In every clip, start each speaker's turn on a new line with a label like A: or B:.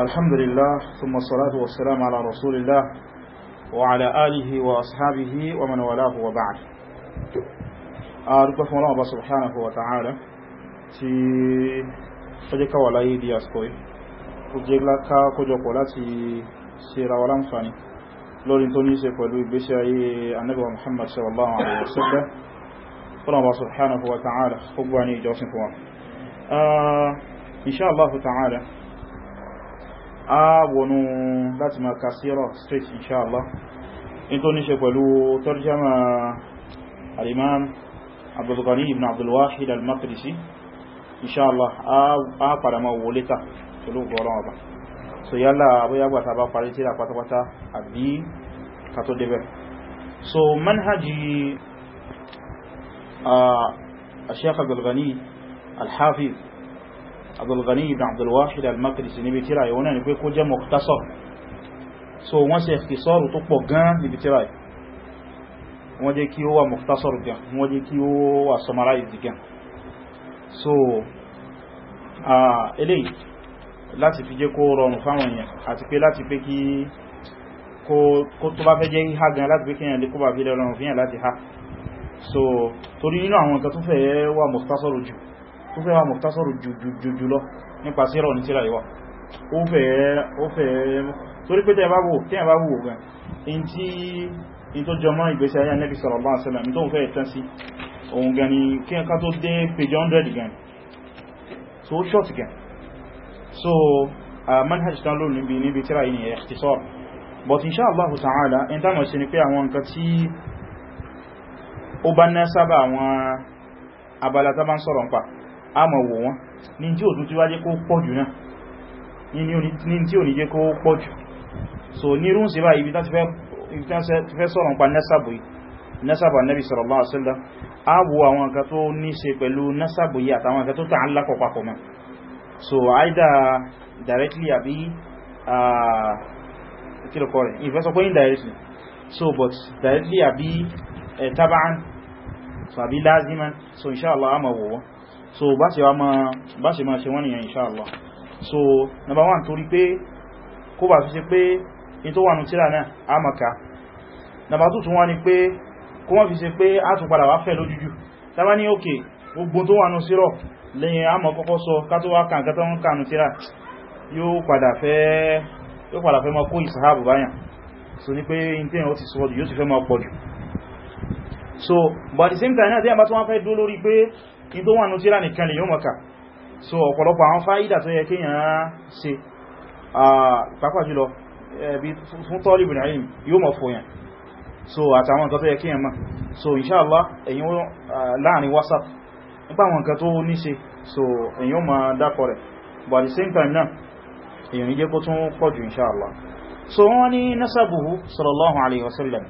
A: الحمد لله ثم الصلاة والسلام على رسول الله وعلى آله وأصحابه ومن ولاه وبعد أرجو فمن الله سبحانه وتعالى tí ó jẹ́ ká wà láyé di àsìkò yìí ó jẹ́ ká kójọpọ̀ láti ṣe ra wa láǹfààní lórí tó ní ṣe pẹ̀lú ìgbésí ayé Ànábì wa Muhammad sallallahu alaihi wasallam fún Allah subhanahu wa ta'ala ó gbà ní ìjọsìn fún wa insha Allah ta'ala a wọnú láti ma ka síra straight inshallah in tó níṣe pẹ̀lú tarjama al-imam abdulghani ibn abdulwahid al-maqdisi inshallah a padà ma wò létà pẹ̀lú gọ́ọ̀rọ̀ ọba so yálà bóyá gbàta bá parí tíra pátápátá àbí kàtó débẹ̀ so manhaji a sheikh abdulghani al-hafiz abdulghani ibn abdulwahid al-maqdisi níbi tíra yíò náà ni pé kó jẹ́ mọ̀kútásọ̀ so wọ́n ṣe ikhtisaru tó pọ̀ gan níbi tíra yìí wọ́n jẹ́ kí ó wà mọ̀kútásọ̀rù gan wọ́n jẹ́ kí ó wà sọmaráìdì gan so eléyìí láti fi jẹ́ kó rọrùn fáwọn èèyàn àti pé láti pé kí kó tó bá fẹ́ jẹ́ ha gan láti pé kíyàn lè kó bá fi lẹ́rọrùn ó fẹ́ wà mọ̀tásọ̀rọ̀ jùjùjù lọ nípa sírọ̀ ní tíra ìwà ó fẹ́ torí pé tẹ́yà bá wò gan in tí tó jọmọ́ ìgbésí ayé Ànábì sallallahu alaihi wasallam tó ń fẹ́ ìtàn sí ohun gan ni kí ẹka tó dé page 100 gan so ó short gan so manhaj tán ló níbi níbi tíra yìí ni ikhtisar but inshallah ta'ala in táwọn sí ni pé àwọn nǹkan tí ó bá ná sábà àwọn abala tá bá ń sọ̀rọ̀ ń pa a máa wò wọ́n ní tí ò tún ti wá jẹ́ kó pọ̀jù náà ní tí ò ní jẹ́ kó pọ̀jù so ní irú sí báyìí ibi tán ti fẹ́ sọ̀rọ̀ pa nasabu nasabu annabi sallallahu alaihi wasallam a wo àwọn nǹkan tó ní ṣe pẹ̀lú nasabu yìí àtàwọn nǹkan tó tàn lápọ̀ papọ̀ mọ́ so either directly àbí kílùkọ́ rẹ̀ ìfẹ́ sọ pé indirectly so but directly àbí eh, taban so àbí laziman so inshallah a máa wò wọ́n so bá ṣe wá máa bá ṣe máa ṣe wọ́n nìyàn inṣáàlá so number one torí pé kó bá fi ṣe pé in tó wà nù tíra náà a maka number two tún wá ní pé kó wọ́n fi ṣe pé a tún padà wá fẹ́ lójújú tàbá ní òkè gbogbo tó wà nù sírọ̀ lẹ́yìn a mọ̀ kọ́kọ́ sọ ká tó wá kàn kátọ́ ń kànù tíra yóò padà fẹ́ yóò padà fẹ́ máa kó ìsàhábù báyàn so ní pé in tí ó ti sọ́ọ̀dù yóò ti fẹ́ máa pọ̀jù so but the same time náà tí a bá tún wá fẹ́ dó lórí pé in tó wà ní tíra lè yóò maka so ọ̀pọ̀lọpọ̀ àwọn fáídà tó yẹ kíyàn ṣe pàápàá jùlọ fún tọ́lìbìn àìyìn yóò mọ̀ fòyàn so àtàwọn nǹkan tó yẹ kíyàn mọ̀ so inṣáàlá èyí láàrin whatsapp nípa àwọn nǹkan tó ní ṣe so èyí ó ma dákọ̀ rẹ̀ but at the same time náà èyí ní jẹ́ kó tún pọ̀ jù inṣáàlá so wọ́n ní nasabuhu sallallahu alaihi wasallam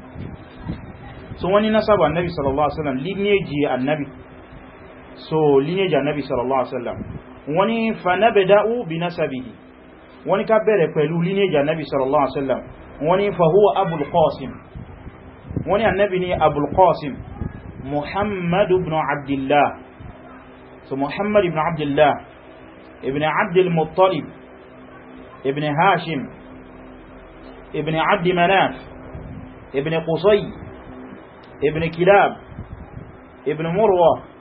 A: so wọ́n ní nasaba annabi sallallahu alaihi wasallam lineage annabi so lineage anabi sallallahu alaihi wasallam wọ́n ní fanabda'u bi nasabihi wọ́n ní ká bẹ̀rẹ̀ pẹ̀lú lineage anabi sallallahu alaihi wasallam wọ́n ní fa huwa abul qasim wọ́n ní anabi ni abul qasim muhammad ibn abdillah so muhammad ibn abdillah ibn abd al-muttalib ibn hashim ibn abd manaf ibn qusay ibn kilab ibn murwa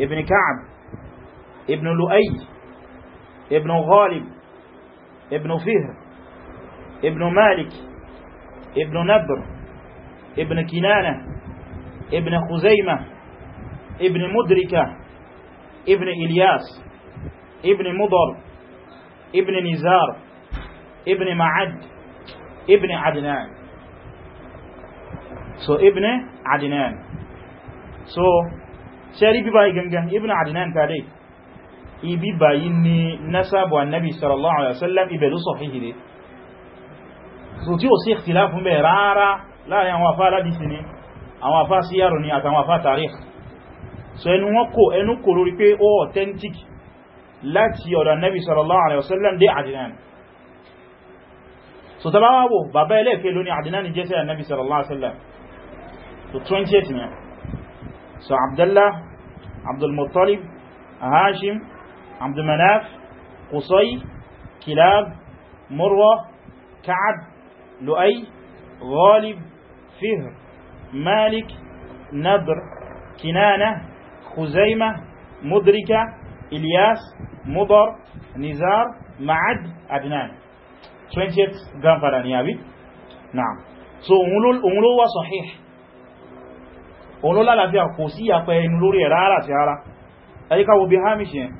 A: ابن كعب ابن لؤي ابن غالب ابن فهر ابن مالك ابن نبر ابن كنانة ابن خزيمة ابن مدركة ابن إلياس ابن مضر ابن نزار ابن معد ابن عدنان so ابن عدنان so ṣẹ́rí bíbá gangan ibn Adnan tàdé ibi báyí ni nasabu annabi sallallahu alaihi wasallam ibẹ̀lú sọ̀fíhì rẹ̀ so tí ó sí ìtìláfún bẹ̀ rárá láàrin àwọn afá aládìsí ni àwọn afá síyàrò ni àtàwọn afá tarikh so ẹnu wọn kò ẹnu kò lórí pé ó authentic láti ọ̀dọ̀ annabi sallallahu alaihi wasallam dé Adnan so tabawa wo bàbá ẹlẹ́ẹ̀kẹ́ lóní Adnan jẹ́sẹ̀ annabi sallallahu alaihi wasallam so 28 ni So Abdullah, Abdul Muttalib, Hashim, Abdul Manaf, Qusay, Kilab, Murwa, Ka'ab, Lu'ay, Ghalib, Fihr, Malik, Nadr, Kinana, خزيمة مدركة إلياس مضر نزار معد عدنان 20th grandfather نعم so umulu umulu wa sahih òun ló lálàáfíà kò sí àpẹ inú lórí ẹ̀ rárá sí rárá ẹjíkáwò bí hamish yẹn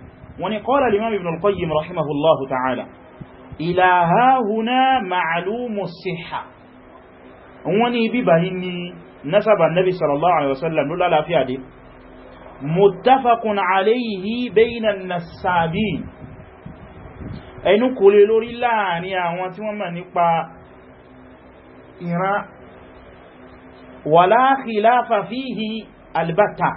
A: wọ́n ni qala al-imam ibn al-qayyim rahimahullahu ta'ala ila hahuna ma'lumu siha wọ́n ni ibi báyí ni nasaba nabi sallallahu alaihi wasallam ló lálàáfíà dé muttafaqun alayhi wala khilafa fihi albatta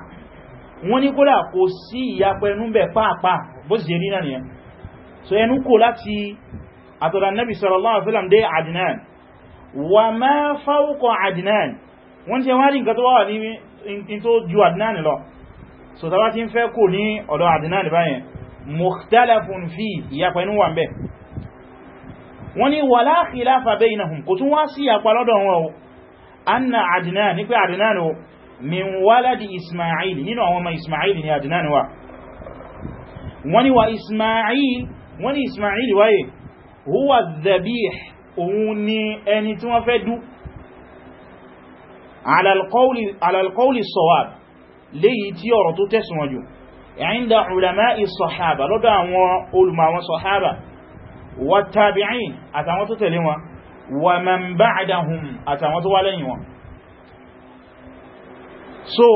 A: wọ́n ní kódà kò sí ìyapẹ́ ẹnu bẹ̀ pàápàá bó sì rí náà nìyẹn so ẹnu kò láti àtọ̀dà nabi sallallahu alaihi wasallam dé adnan wa ma fawqa adnan wọ́n tí wọ́n rí nǹkan tó wà ní so tàbá ti ń fẹ́ kò ní ọ̀dọ̀ adnan báyẹn mukhtalafun fi ìyapẹ́ ẹnu wà ń bẹ̀ wọ́n ní wala khilafa bainahum kò tún wá sí ìyapẹ́ wọn anna adnan ní pé adnan o min waladi ismail nínú àwọn ọmọ ismail ni adnan wa wọ́n ní wa ismail wọ́n ní ismail wáyé huwa dhabih òun ni ẹni tí wọ́n fẹ́ dú ala alqawli ala alqawli sawab léyìí tí ọ̀rọ̀ tó tẹ̀sùn jù inda ulama'i sahaba lọ́dọ̀ àwọn olùmọ̀ àwọn sahaba wa tabi'in àtàwọn tó tẹ̀lé wọn wa man ba'dahum àtàwọn tó wá lẹ́yìn wọn so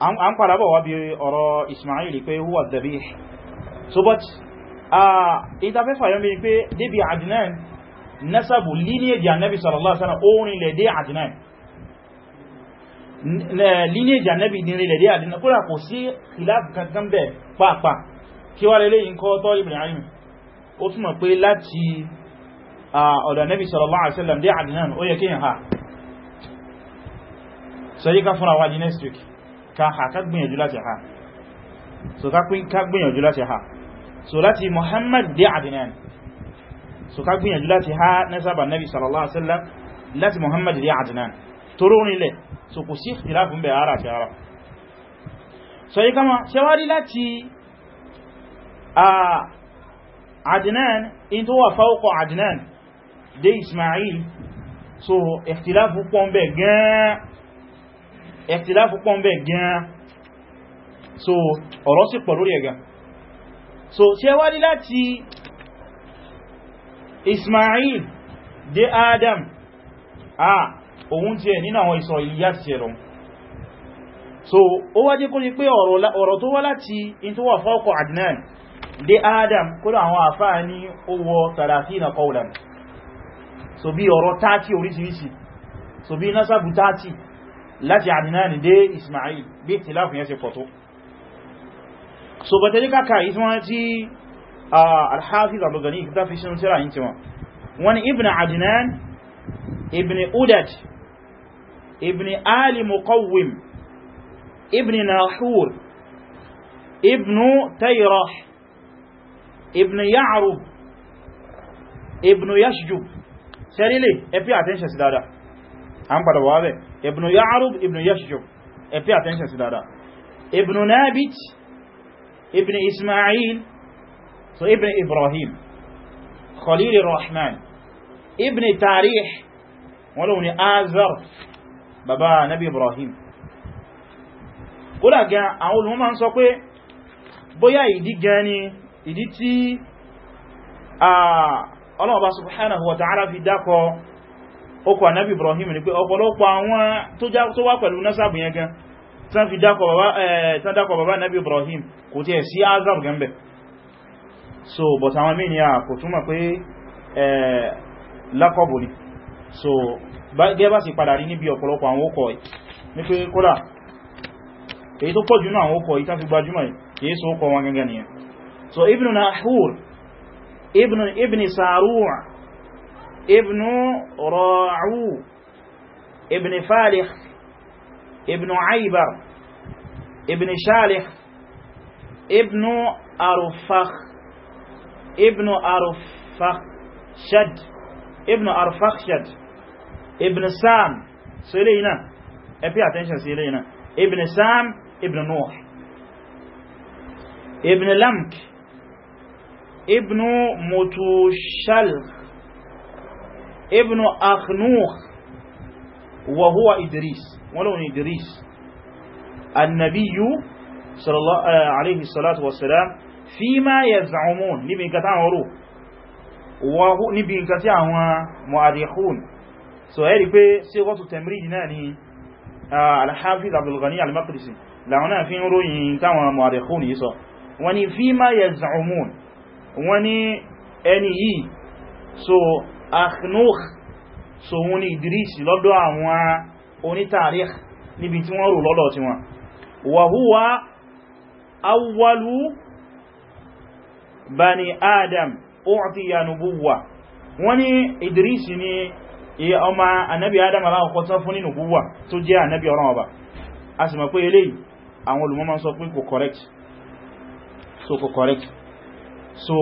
A: an padà bọ̀ wá bí ọ̀rọ̀ Ismail pé huwa dhabih so but ìtafẹ́fà yọ́n bí pé débi Adnan nasabu lineage annabi sallallahu alaihi wasallam orin lè dé Adnan lineage annabi ni lè dé Adnan kúrò kò sí khilaf kankan bẹ̀ pàápàá kí wá lẹ́lẹ́yìn kọ́ tọ́lì Ah, ọ̀dọ̀ nẹ́bí sallallahu alaihi wasallam dé àdínáà ó yẹ kíyàn ha so yí ká fúnra wájí next week ká ha ká gbìyànjú láti ha so ká gbìyànjú láti ha so láti Muhammad dé àdínáà so ká gbìyànjú láti ha nẹ́sàbà nẹ́bí sallallahu alaihi wasallam láti Muhammad dé àdínáà toró nílẹ̀ so kò sí ìtìláfù ń ara àti ara so yí kama ṣẹwárí láti ah, àdínáà in tó wà fáwọ́kọ̀ àdínáà de Ismail so ẹ̀tìláfù pọ̀ ń bẹ̀ gan ẹ̀tìláfù pọ̀ ń bẹ̀ gan so ọ̀rọ̀ sì pọ̀ lórí ẹ̀gá so tí ẹ wá ní láti Ismail de Adam a òun tí ẹ nínú àwọn ìsọ̀ ìyá ti ẹ̀rọ so ó wá jẹ́ kó ní pé ọ̀rọ̀ tó wá láti in tó wà fọ́kọ̀ Adnan de Adam kó àwọn àfáà ní ó wọ 30 qawlan so bí ọ̀rọ̀ tààtì oríṣiríṣi so bí nasabu tààtì láti Adnan dé Ismail bí tìláfù yẹn ṣe pọ̀tó so bàtẹ̀ ní kàkà ìtìwọ́n tí al-Hafiz al-Ghani ìkítà fi ṣun síra yìí tiwọn wọn ibn Adnan ibn Udad ibn Ali Muqawwim Yashjub sẹ́rílẹ̀ ẹ̀pí attention sí dáadáa a ń padà wà bẹ̀ ibn Ya'rub ibn Yashjub ẹ̀pí attention sí dáadáa ibn Nabit ibn Ismail so ibn Ibrahim Khalil Rahman ibn Tarih wọ́n lóun ni Azar bàbá nabi Ibrahim kódà gan àwọn olùmọ́ ń sọ pé bóyá ìdí gan ni ìdí tí a ọlọ́ọ̀bá subhanahu wa ta'ala fi dákọ okò ànábì Ibrahim ní pé ọ̀pọ̀lọpọ̀ àwọn tó wá pẹ̀lú nasabu yẹn gan tán fi dákọ bàbá ànábì Ibrahim kò tí ẹ̀ sí azar gan so but àwọn mí ni a kò túnmọ̀ pé lákọ̀bù ni so gẹ́bà sì padà rí níbi ọ̀pọ̀lọpọ̀ àwọn okọ̀ ní pé kódà èyí tó pọ̀ jùnú àwọn okọ̀ yìí tán fi gbajúmọ̀ so okọ̀ wọn ابن ابن صاروع ابن راعو ابن فالح ابن عيبر ابن شالح ابن أرفخ ابن أرفخ شد ابن أرفخ شد ابن سام سلينا ابي اتنشن سلينا ابن سام ابن نوح ابن لمك ibn mutushal ibn akhnukh wa huwa idris wọ́n lóun idris annabiyu sallallahu eh, alaihi salatu wasalam fi ma yaz'umun níbi nǹkan táwọn rò wọ́hú níbi nǹkan tí àwọn mu'adihun so ẹ́rì pé sí wọ́tù tẹ̀mírí náà ni eh, al-hafiz abdulghani al-maqdisi náà fi ń ròyìn táwọn mu'adihun yìí sọ wọ́n ni fi ma yaz'umun wọ́n ní ẹni yìí so akhnukh so wọ́n ní idris lọ́dọ̀ àwọn onítàríkh níbi tí wọ́n rò lọ́dọ̀ tí wọ́n wa huwa awwalu bani adam u'tiya nubuwwa wọ́n ní idris ni iye ọmọ anabi adam aláwọ̀kọ́ tán fún ní nubuwwa tó jẹ́ anabi ọ̀rọ̀ ọba a sì mọ̀ pé eléyìí àwọn olùmọ́mọ́ sọ pé kò correct so kò correct so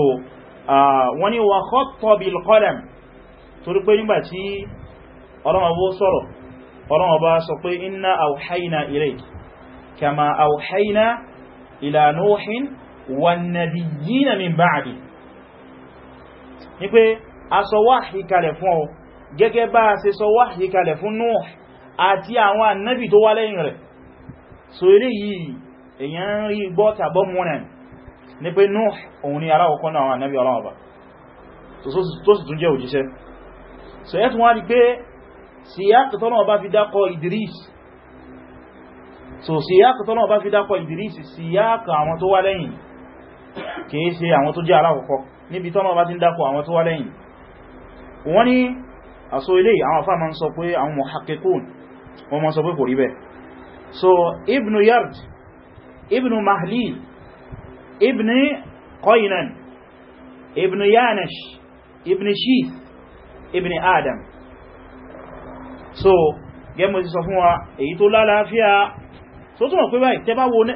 A: uh, wọ́n ni wà khatta bil qalam torí pé nígbàtí ọlọ́mọ̀bọ́ sọ̀rọ̀ ọlọ́mọ̀bá sọ pé inna awhayna ilayk kama awhayna ila nuhin wan nabiyyina min ba'di ní pé a sọ wahyi kalẹ̀ fún ọ gẹ́gẹ́ bá a ṣe sọ wahyi kalẹ̀ fún Nuh àti àwọn annabi tó wá lẹ́yìn rẹ̀ so eléyìí èyàn rí gbọ́ta bọ́mọ́nà ní pé Nuh òun ni aláwọ̀kọ́ náà ànábì ọlọ́ọ̀bà tó sì tún jẹ́ òjíṣẹ́ so yẹ́ tún wá rí pé síyákùtọ́lọ́wọ́ bá fi dákọ̀ Idris so síyákùtọ́lọ́wọ́ bá fi dákọ̀ Idris síyákù àwọn tó wá lẹ́yìn kìí ṣe àwọn tó jẹ́ aláwọ̀kọ́ níbi tọ́lọ́wọ́ bá ti ń dákọ̀ àwọn tó wá lẹ́yìn wọ́n ní àso ilé àwọn afá ma ń sọ pé àwọn muhakkikun wọ́n ma sọ pé kò rí bẹ́ẹ̀ so Ibn Yard Ibn Mahlil ابن قينان ابن يانش ابن شيث ابن آدم so gẹ́mọ̀ sí sọ fún wa èyí tó lálàáfíà tó túnmọ̀ pé báyìí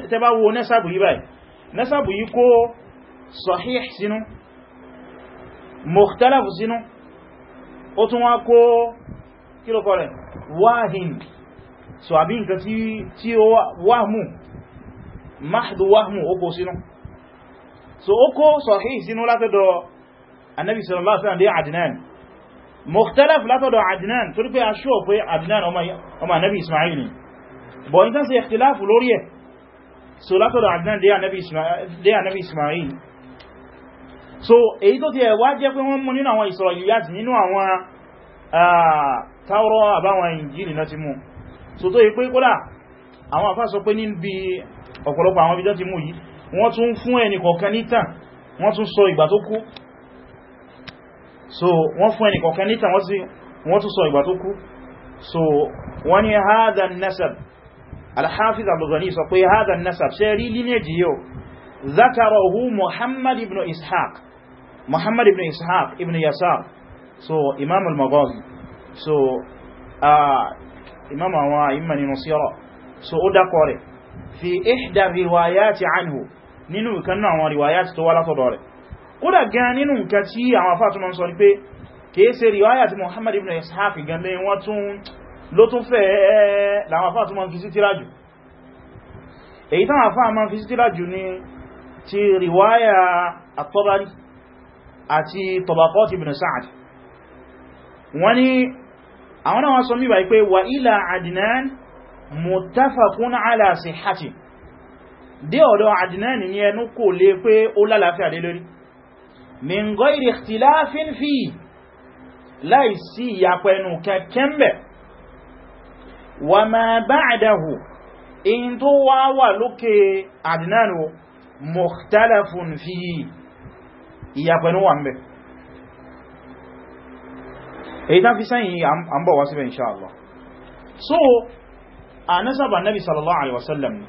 A: tẹbá wo nẹ́sàbù yí báyìí nẹ́sàbù yí kó sahih sínú mọ̀tálàfù sínú ó tún wá kó kílòkọ́ rẹ̀ wáhìn so àbí nǹkan tí ó wáhmù mahdu wáhmù ó kó sínú so ó kó sahih sínú látọ̀dọ̀ annabi sallallahu alaihi wasallam dé adnan mukhtalaf látọ̀dọ̀ adnan torí pé a ṣọ́ pé adnan ọmọ annabi ismail ni bọ̀ ní tán sí ikhtilafu lórí ẹ̀ so látọ̀dọ̀ adnan dé annabi ismail so èyí tó ti ẹ̀ wá jẹ́ pé wọ́n mú nínú àwọn israiliyat nínú àwọn taurọ àbáwọn injili náà ti mú so tó yí pé kódà àwọn àfá sọ pé níbi ọ̀pọ̀lọpọ̀ àwọn ibi tó ti mú yìí wọ́n tún fún ẹni kọ̀ọ̀kan nítàn wọ́n tún sọ ìgbà tó kú so wọ́n fún ẹni kọ̀ọ̀kan nítàn wọ́n tún sọ ìgbà tó kú so wọ́n ni hadha nasab alhafiz abdullani sọ pé hadha nasab ṣe rí lineage yóò zakarahu muhammad ibn ishaq muhammad ibn ishaq ibn yasar so imam al-maghazi so imam àwọn imani nusira so ó dákọ̀ fi ihda riwayati anhu nínú nǹkan náà àwọn riwayat tó wá látọ̀dọ̀ rẹ̀ kódà gan nínú nǹkan tí àwọn afáàtún ma ń sọ ní pé kìí ṣe riwayat Muhammad ibn Ishaq gan lè wọ́n tún ló tún fẹ́ eh, láwọn afáàtún ma ń fi sí tírájù èyí táwọn afáà ma àwọn náà wọ́n sọ mí báyìí pé wa ila dé ọ̀dọ̀ àdínáàni ní ẹnu kò lè pé ó lálàáfíà lé lórí min ghairi ikhtilafin fi láì sí ìyapẹnu kẹkẹ́mbẹ̀ wa ma ba'dahu in tó wá wà lókè àdínáàni mukhtalafun fi ìyapẹnu wà mbẹ̀ èyí tán so a nasaba nabi sallallahu alaihi wasallam ni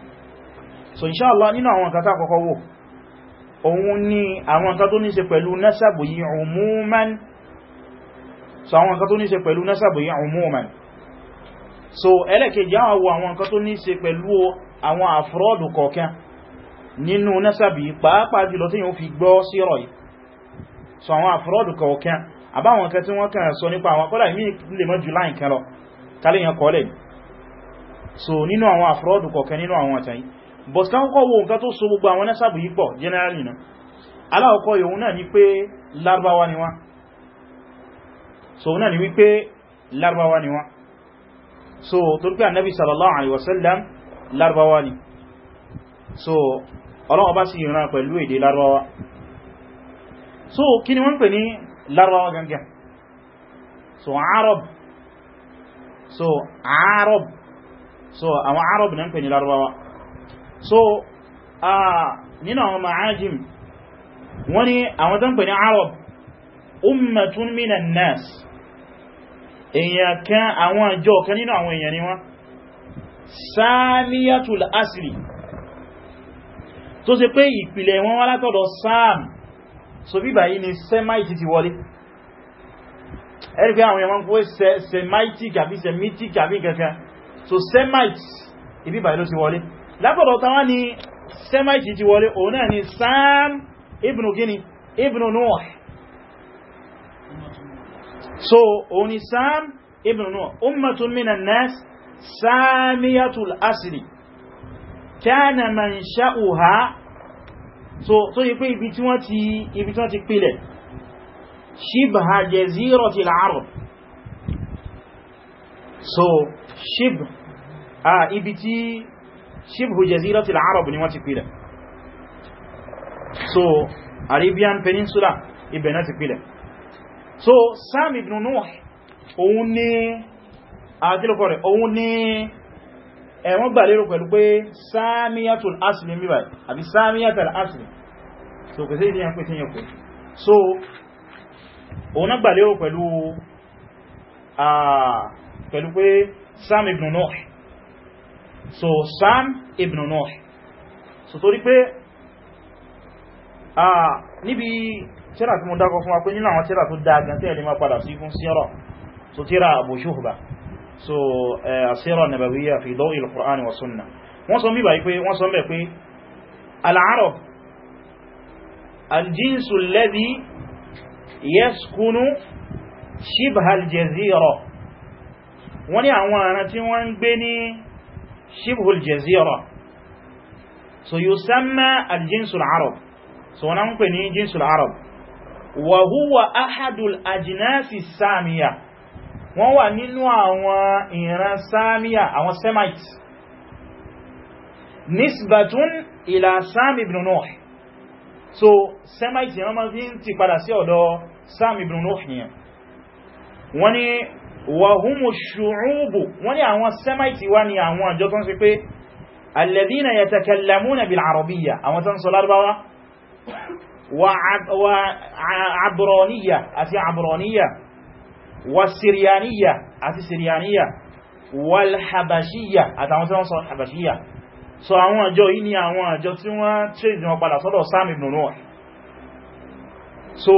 A: so inṣáàlá nínú àwọn nǹkan tá kọ́kọ́ wò òun ni àwọn nǹkan tó ní ṣe pẹ̀lú nasabu yìí umuman so àwọn nǹkan tó ní ṣe pẹ̀lú nasabu yìí umuman so ẹlẹ́kejì àwọn wo àwọn nǹkan tó ní ṣe pẹ̀lú àwọn àfúrọ́dù kọ̀ọ̀kan nínú nasabu yìí pàápàá jùlọ tí yóò fi gbọ́ sírọ̀ yìí so àwọn àfúrọ́dù kọ̀ọ̀kan àbáwọn nǹkan tí wọ́n kàn sọ so nínú àwọn àfúrọ́dù kọ̀ọ̀kan nínú àwọn àtàyí but kan kọ́ wo nǹkan tó so gbogbo àwọn nẹ́sàbù yìí pọ̀ generally na aláwọ̀kọ́ yòun náà ni pé lárúbáwá ni wá so náà ni wípé lárúbáwá ni wá so torí pé annabi sallallahu alaihi wasallam lárúbáwá ni so ọlọ́wọ́ bá sì ìran pẹ̀lú èdè lárúbáwá so kí ni wọ́n pè ní lárúbáwá gangan so arab so arab so àwọn arab náà pè ní lárúbáwá so ah, nínú àwọn ma'ajim wọ́n ni àwọn tó ń pè ní arab ummatun minan nas èyàn kan àwọn àjọ kan nínú àwọn èyàn ni wọ́n samiyatul asli tó ṣe pé ìpìlẹ̀ wọn wá látọ̀dọ̀ sam so bí báyìí ni semite ti wọlé ẹ̀rí pé àwọn èyàn fún semitic àbí semitic àbí kankan so semites ibi báyìí ló ti wọlé látọ̀dọ̀ tàwọn ni semite ti wọlé òun náà ni sam ibn gini ibn nuh so òun ni sam ibn nuh ummatun minan nas samiyatul asli kana mansha'uha so so yi pé ibi tí wọ́n ti ibi tí wọ́n ti pìlẹ̀ shibha jaziratil arab so shib ah ibi tí shibhu jazirati al-arab ni wọ́n ti pìlẹ̀ so arabian peninsula ibẹ̀ náà ti pìlẹ̀ so sam ibn nuh òun ni àkílùkọ́ rẹ̀ òun ni ẹ̀wọ́n gbà lérò pẹ̀lú pé samiyatul asli mi báyìí àbí samiyatul asli so kò sí ìdíyàn pé tí so òun náà gbà lérò pẹ̀lú pé sam ibn nuh so Sam ibn Nuh so torí pé ah níbi tírà tí mo dákọ fún wa pé nínú àwọn tírà tó dáa gan tí ẹ lè máa padà sí fún sírà so tírà Abu Shuhba so eh, as-sira an-nabawiyya fi dawi al-Qur'an wa sunnah wọ́n sọ bíbà pé wọ́n sọ bẹ̀ pé al-Arab al-jinsu alladhi yaskunu shibha al-jazira wọ́n ní àwọn àrán tí wọ́n ń gbé شبه الجزيرة so يسمى الجنس العرب so wọn pè ní جنس العرب وهو أحد الأجناس السامية wọ́n wà nínú àwọn ìran sáàmìyà àwọn semites nisbatun ila Sam ibn Nuh so semites yẹn wọ́n máa fi ń ti padà sí ọ̀dọ̀ Sam ibn Nuh yẹn wọ́n ni wàhúnmù ṣùúrùbù wọ́n ní àwọn semite wá ní àwọn àjọ tó ń ṣe pé alladhina yatakallamuna bil arabiyya àwọn tó ń sọ lárúbáwá wa abroniya àti abroniya wa siriyaniya àti siriyaniya wal habashiya àtàwọn tó ń sọ so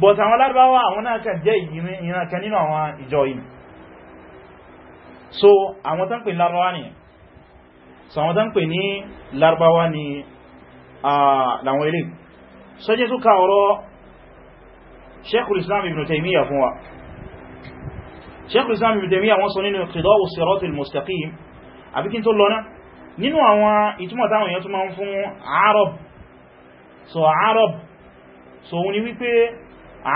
A: but àwọn lárúbáwá àwọn náà kàn jẹ́ ìran kan nínú àwọn ìjọ yìí so àwọn tán pè lárúbáwá ni so àwọn tán pè ní lárúbáwá ni àwọn ilé sọ́jẹ́ tó ka ọ̀rọ̀ Sheikhul Islam Ibn Taymiyyah fún wa Sheikhul Islam Ibn Taymiyyah wọ́n sọ nínú Iqtida'u Mustaqim àbíkín tó lọ́nà nínú àwọn ìtumọ̀ táwọn èèyàn tó máa Arab so Arab so òun ni wípé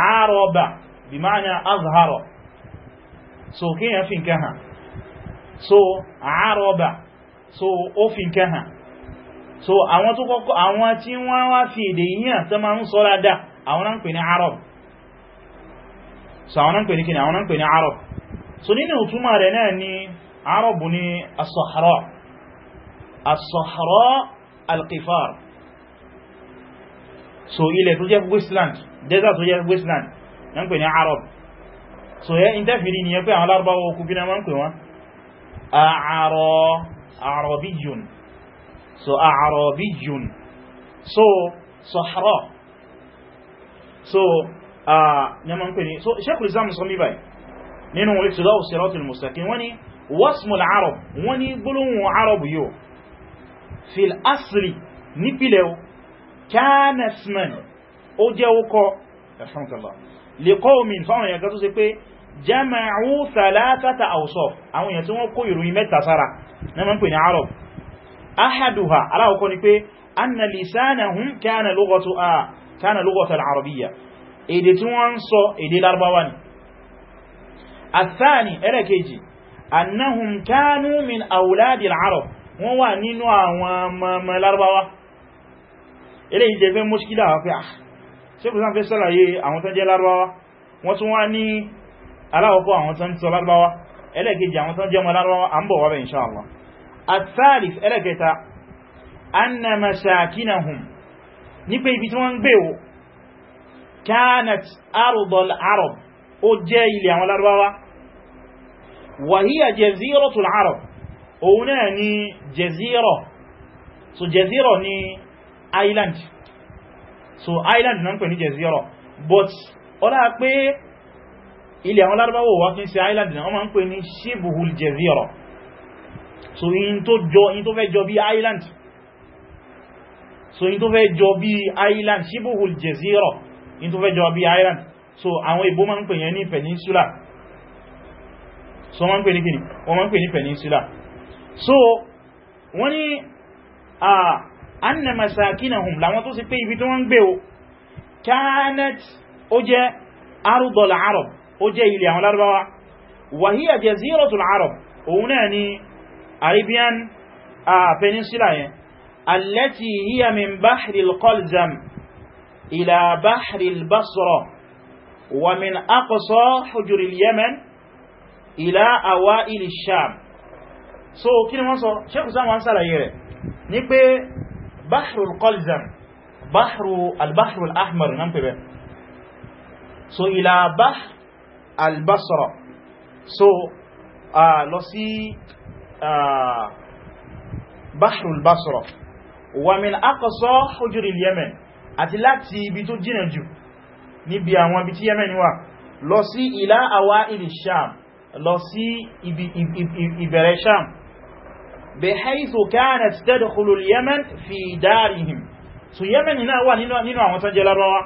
A: àárọ̀bà bí máa ní azharọ̀ so kíyàn fi nkẹ́ hàn so àárọ̀bà so ó fi nkẹ́ hàn so àwọn tó kọ́kọ́ àwọn tí wọ́n wá fi èdè yíyàn tó máa ń sọ rádá àwọn náà ń ní pè ní kíni àwọn so ilẹ̀ tó jẹ́ wasteland desert tó jẹ́ wasteland na ń pè ní arab so yẹ interfere ni yẹ pé àwọn lárúbáwọ̀ okú bí na máa ń pè wọ́n àrọ̀bíjùn so àrọ̀bíjùn so sahara so ni a ń pè ní so Sheikhul Islam sọ mí báyìí nínú Iqtidā'u Sirātil Mustaqīm wọ́n ni wasmul arab wọ́n ni gbólóhùn arab yóò fil asli nípìlẹ̀ kánasman ó jẹ́ ókọ liqawmin fáwọn èèyàn kan tó ṣe pé jama'u thalathata awsaf àwọn èèyàn tí wọ́n kó ìròyìn mẹ́ta sára na mọ́ pè ní arab ahaduha aláwọ̀kọ́ ni pé anna lisanahum kana lughatu a kana lughatu al-arabiyya èdè tí wọ́n sọ èdè larbawa ni athani ẹlẹ́kejì annahum kanu min awladi al wọ́n wà nínú àwọn ọmọ ilé ìjẹ́ fẹ́ mọ́ṣíkílà wá pé ah ṣe kùsán fẹ́ sọ́làyé àwọn tán jẹ́ lárúbáwá wọ́n tún wá ní aláwọ̀kọ́ àwọn tán sọ lárúbáwá ẹlẹ́kejì àwọn tán jẹ́ mọ́ lárúbáwá à ń bọ̀ wábẹ̀ insha Allah athalif ẹlẹ́kẹta anna masakinahum ní pé ibi tí wọ́n ń so jazira ni island so island náà ń pè ní jezero but ọlá pé ilẹ̀ àwọn lárúbáwò wá kí n ṣe island náà wọ́n máa ń pè ní shibuhul jezero so in tó jọ in tó fẹ́ jọ bí island so in tó fẹ́ jọ bí island shibuhul jezero in tó fẹ́ jọ bí island so àwọn ìbò máa ń pè yẹn ní peninsula so máa ń pè ní kíni wọ́n máa ní peninsula so wọ́n ní ah, anna masakinahum làwọn tó sì pé ibi tó wọ́n ń gbé o kanat ó jẹ́ arudul arab ó jẹ́ ilẹ̀ àwọn larabawa wa hiya jaziratul arab òun náà ni arabian peninsula yẹn allati hiya min bahril qalzam ila bahril basra wa min aqsa hujuril yemen ila awa'il sham so kí ni wọ́n sọ ṣe kùsá wọn sára yẹ rẹ̀ bahrul qalzam bahru al-bahru al-ahmar nan pè bẹ́ so ila bahr al-basra so lọ sí bahru al-basra wa min aqsa hujr al-yaman àti láti ibi tó jìnà jù níbi àwọn ibi tí yemen wà lọ sí ila awa'il ash-sham lọ sí ìbẹ̀rẹ̀ sham بحيث كانت تدخل اليمن في دارهم so yemen náà wà nínú àwọn tán jẹ larawa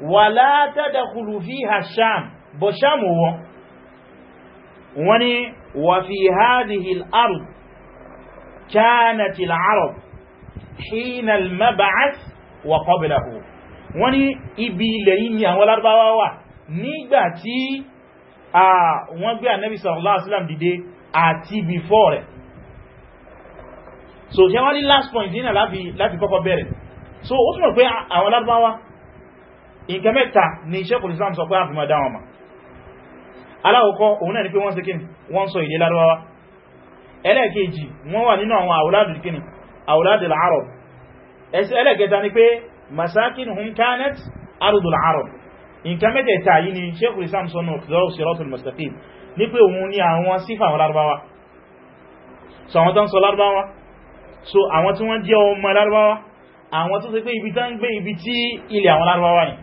A: wala tadkhulu fiha sham bọ̀ sham wọ́ wọ́n ni wa fi hadhihi al-ard kanat al-arab hina al-mab'ath wa qablahu wọ́n ni ibi ilẹ̀ yìí ni àwọn larabawa wà nígbàtí wọ́n gbé ànábì sallallahu alaihi wasallam dìde àti before rẹ̀ so ṣe wá ní last point nínà láti kọ́kọ́ bẹ̀rẹ̀ so ó túnmọ̀ pé àwọn lábáwá nǹkan mẹ́ta ni iṣẹ́ kò Islam sọ pé àfi máa dáwọn ma aláwọ̀kọ́ òun náà ni pé wọ́n ṣe kíni wọ́n sọ èdè lábáwá ẹlẹ́ẹ̀kejì wọ́n wà nínú àwọn àwòládù kíni àwòládù al-Arab ẹlẹ́ẹ̀kẹta ni pé masakinuhum kanat ardu al-Arab nǹkan mẹ́tẹ̀ẹ̀ta yìí ni Sheikh Islam sọ náà lọ́rọ̀ siratul mustaqim ní pé òun ni àwọn sífà àwọn lábáwá so àwọn tán sọ lábáwá so àwọn tí wọ́n jẹ́ ọmọ lárúbáwá àwọn tó ṣe pé ibi tán gbé ibi tí ilẹ̀ àwọn lárúbáwá ni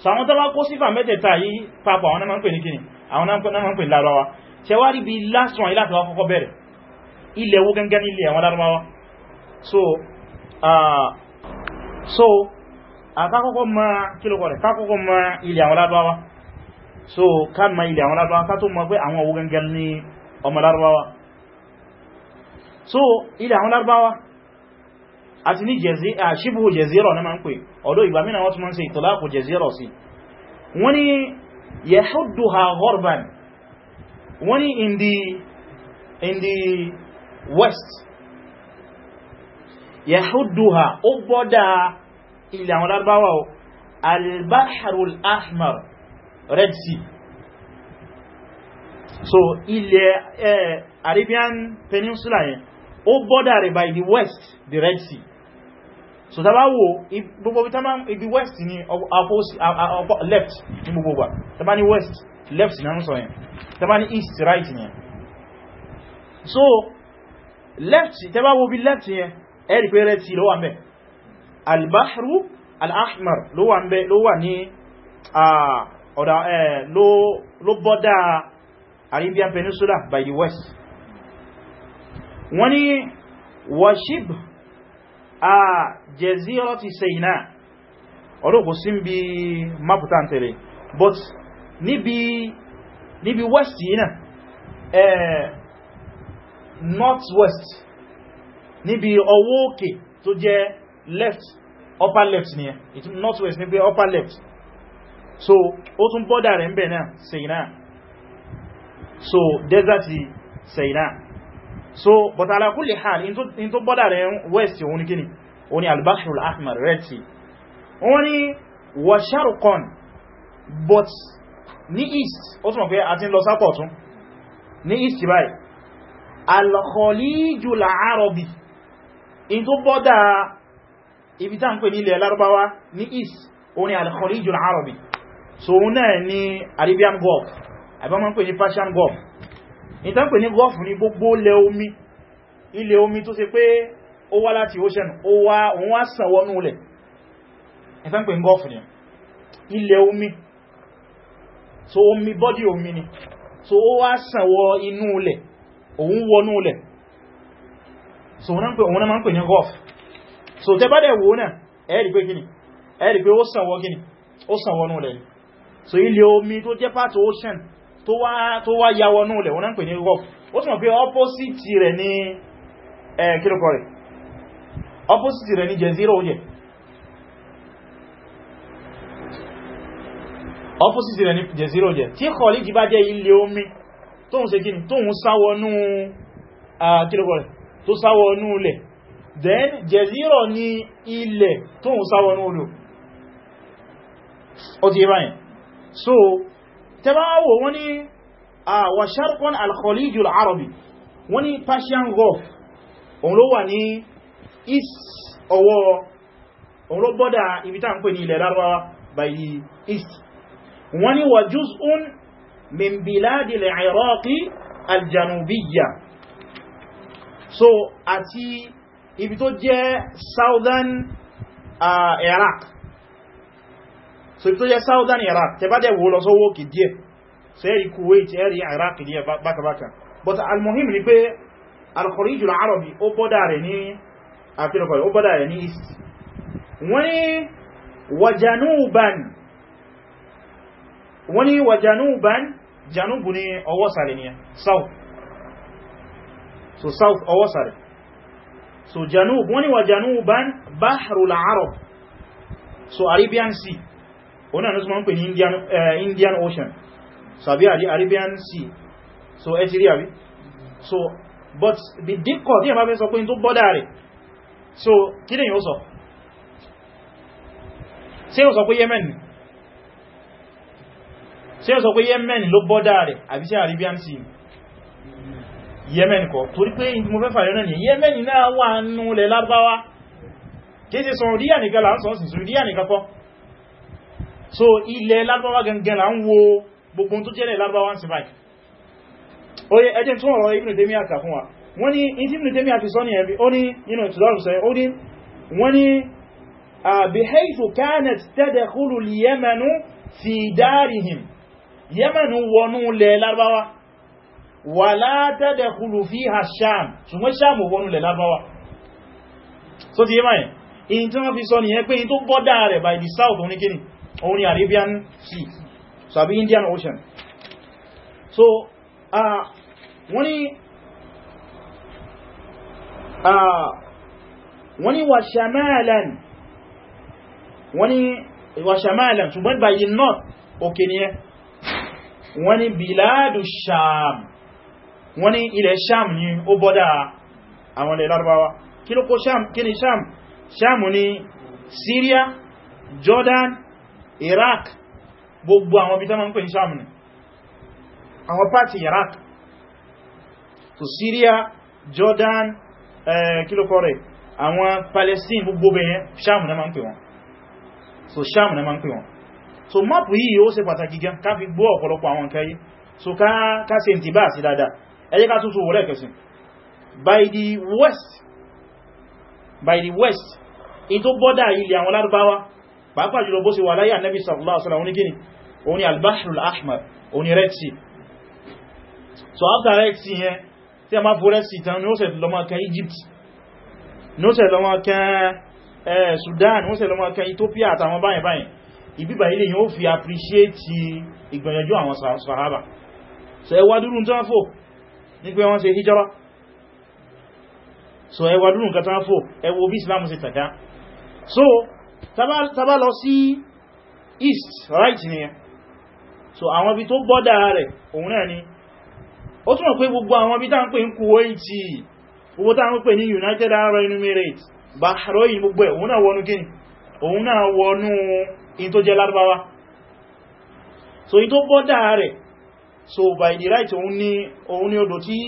A: so àwọn tó bá kó sífà mẹ́tẹ̀ẹ̀ta yìí papọ̀ àwọn náà ń pè ní kíni àwọn náà ń pè ní lárúbáwá ṣẹwárí bí last one láti wá kọ́kọ́ bẹ̀rẹ̀ ilẹ̀ wo gẹ́gẹ́ ní ilẹ̀ àwọn lárúbáwá so uh, so àkọ́kọ́ ma kílùkọ̀ rẹ̀ kákọ́kọ́ ma ilẹ̀ àwọn lárúbáwá so ká ma ilẹ̀ àwọn lárúbáwá ká tó mọ̀ pé àwọn owó gẹ́gẹ́ ní ọmọ lárúbáwá so ilẹ̀ àwọn lárúbáwá àti ní ṣíbù jẹzírọ̀ ní máa ń pè ọ̀dọ̀ ìgbà mìíràn wọ́n tún máa ń ìtọ́lápù jẹzírọ̀ sí wọ́n ni yahudduha ghorban wọ́n ni in the in the west yahudduha ó bọ́dá ilẹ̀ àwọn lárúbáwá albaharul ahmar red sea so ilẹ̀ eh, Arabian peninsula yẹn ó bọ́dà by the west the red sea so tàbá wo gbogbo ibi west ní ọpọ́ left ní gbogbo gbà tàbá ní west left ní àmúsọ yẹn tàbá ní east right yẹn so left tàbá wo bí left yẹn ẹ̀rì pé red sea ló wà ńbẹ̀ albahru al'ahmar ló wà ńbẹ̀ ló wà ní ọ̀dá ló bọ́dà Arabian Peninsula by the west wọ́n ní washib a jazirati seyina ọlọ́kù sí bí maputa n tẹ̀lé but níbi west yìí eh, north west níbi ọwọ́ òkè tó jẹ́ left upper left ni ẹ̀ north west níbi upper left so ó tún bọ́dà rẹ̀ ń bẹ̀ náà so desert seyina. so but ala kulli hal into into bọ́dà west Oni kini, oni al-bahrul ahmar red sea wọ́n ni wa sharqan but ni east ó túnmọ̀ pé a ti ń lọ sápọ̀ tún east báyìí al-khalijul arabi in tó bọ́dà ibi tá ń ni le larbawa. Ni ní east òun ni al-khalijul arabi so òun ni arabian gulf àbí wọ́n máa ń persian gulf ìtànpè ní gọ́ọ̀fù ní gbogbo ilẹ̀ omi tó ṣe pé ó wá láti ocean ó wá òun wá sàn wọnú ilẹ̀ ìtànpè ní gọ́ọ̀fù ní ilẹ̀ omi so omi body omi ni so ó wá sàn wọ inú ilẹ̀ òun wọnú ilẹ̀ so òun máa ń pè ní gọ́ọ̀fù so tẹ bá dẹ̀ wò náà ẹ̀rì pé gini ẹ̀rì pé ó sàn wọ gini ó sàn wọnú ilẹ̀ so ilẹ̀ omi tó jẹ́ pàtó ocean tó wá yawọnú ilẹ̀ wọ́n ń pè ní rock ó túnmọ̀ pé opposite rẹ̀ ní kílùkọ rẹ̀ opposite rẹ̀ ní jezero jẹ́ opposite rẹ̀ ní jezero jẹ́ tí kọ̀líkì bá jẹ́ ilé omi tóhun ṣe gini tóhun sáwọnú kílùkọ rẹ̀ tó sáwọnú ilẹ̀ then jezero ní ilẹ̀ tóhun sáwọnú olò ó so tẹbáwò wọ́n ní àwọn sharqan al-khalij al-arabi wọ́n ní persian gulf òun ló wà ní east ọwọ́ òun ló bọ́dà ibi tá ń pè ní ilẹ̀ larabawa by east wọ́n ní wa juz'un min iraqi al so àti ibi tó jẹ́ southern uh, iraq so ibi tó jẹ́ southern iraq tẹ bá dẹ̀ wo lọ sówó kì díẹ̀ so ẹ̀rí kuwait ẹ̀rí iraq díẹ̀ bákabáka but almuhim ni pé alkhorijul arabi ó bọ́dà rẹ̀ ní àfihànkọ̀ ó bọ́dà rẹ̀ ní east wọ́n wajanuban wọ́n wajanuban janubu ni ọwọ́ sàrẹ̀ ni south so south ọwọ́ sàrẹ̀ so janub wọ́n ni wajanuban bahrul arab so arabian sea Ona náà ló súnmọ́ ń Indian ní Indian eh, Ocean sàbí so, Arabian Sea so ẹ ti rí so but the deep core tí ẹ bá fẹ́ sọ pé tó bọ́dá so kí lè yíó sọ ṣé ó sọ pé Yemen ni ṣé ó sọ pé Yemen ló bọ́dá rẹ̀ àbí sí Arabian Sea Yemen kọ́ torí pé mo fẹ́ fàyọ náà ni Yemen náà wà nù lẹ́ Lárúbáwá kí ṣe Saudiya nìkan là ń sọ sí Saudiya so ilẹ̀ Lárúbáwá gangan la ń wo gbogbo tó jẹ́lẹ̀ Lárúbáwá ń sì báyìí oye ẹjẹ́ tún ọ̀rọ̀ Ibn Taymiyyah kà fún wa wọ́n ní ìtí Ibn Taymiyyah fi sọ ní ẹbí ó ní inú ìtìlọ́rù sọ ó ní wọ́n ní bihaythu kanat tadkhulu al so ti yé máa yẹn in tí wọ́n fi sọ nìyẹn pé in tó bọ́dá rẹ̀ by the south oníkíní Only Arabian Sea sàbí Indian Ocean so wọ́n ni wọ́n ni wà shamalan wọ́n ni wà ṣùgbọ́n by the north òkè ni ẹ wọ́n ni biladu sham wọ́n ni ilẹ̀ sham ni ó bọ́dá àwọn ilẹ̀ Lárúbáwá kí ló kó sham kí ni sham sham ni Syria Jordan Iraq gbogbo àwọn bí tánmà ń pè ní Sham ni àwọn pàtí Iraq so Syria Jordan eh, kílòkọ́ rẹ̀ àwọn Palestine gbogbo bẹ̀yẹn Sham náà ma ń pè wọn so Sham náà ma ń pè wọn so mapu yìí ó ṣe pàtàkì gan ká fi gbọ́ ọ̀pọ̀lọpọ̀ àwọn nǹkan so ká ṣe ìtìbá sí dáadáa ẹ jẹ́ ká tún tún by the west by the west in tó bọ́dá ilẹ̀ àwọn lárúbáwá pàápàá jùlọ bó ṣe wà láyé ànábì sallallahu alaihi wasallam ní gíní òun ni albahrul ahmar òun ni red sea so after red sea yẹn tí a máa fò red sea tán ní ó ṣe lọ́mọ kan egypt ní ó ṣe lọ́mọ kan sudan ní ó ṣe lọ́mọ kan ethiopia àtàwọn báyìí so ẹwà dúró tán fò ní pé so ẹwà dúró nǹkan tán fò ẹwà bí islam ṣe tàkà so tàbá lọ sí east right ni so àwọn ibi tó bọ́dá rẹ̀ òun náà ni ó túnmọ̀ pé gbogbo àwọn ibi tá ń pè ní gbogbo tá ń ní United Arab Emirates Bahrain gbogbo ẹ̀ òun náà wọnú gini òun náà wọnú in tó jẹ́ Lárúbáwá so in tó bọ́dá rẹ̀ so by the right òun ni òun ni odò tí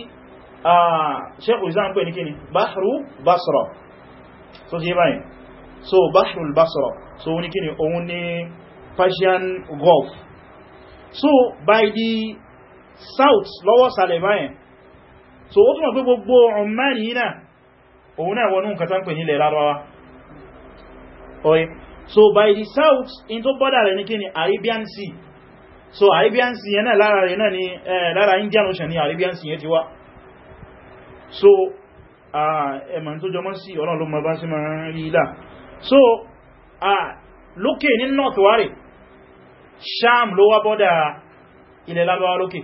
A: ah, Sheikh Islam pè ní gini Bahru Basra so ti báyìí so Bahrul Basra so òun ni kíni ni Persian Gulf so by the south lọ́wọ́ sàlẹ̀ so ó túnmọ̀ pé gbogbo Oman yìí náà òun náà wọnú nǹkan tán pè nílẹ̀ Lárúbáwá oye so by the south into border bọ́dà rẹ̀ Arabian Sea so Arabian Sea yẹn náà lára rẹ̀ náà ni lára Indian Ocean ni Arabian Sea yẹn ti wá so ẹ̀mọ̀ tó jọmọ́ sí ọ̀nà ló mọ́ bá sí máa rí ilá so a ah, lókè ní north Warri, sham ló wá bọ́dà ilẹ̀ lábáwá lókè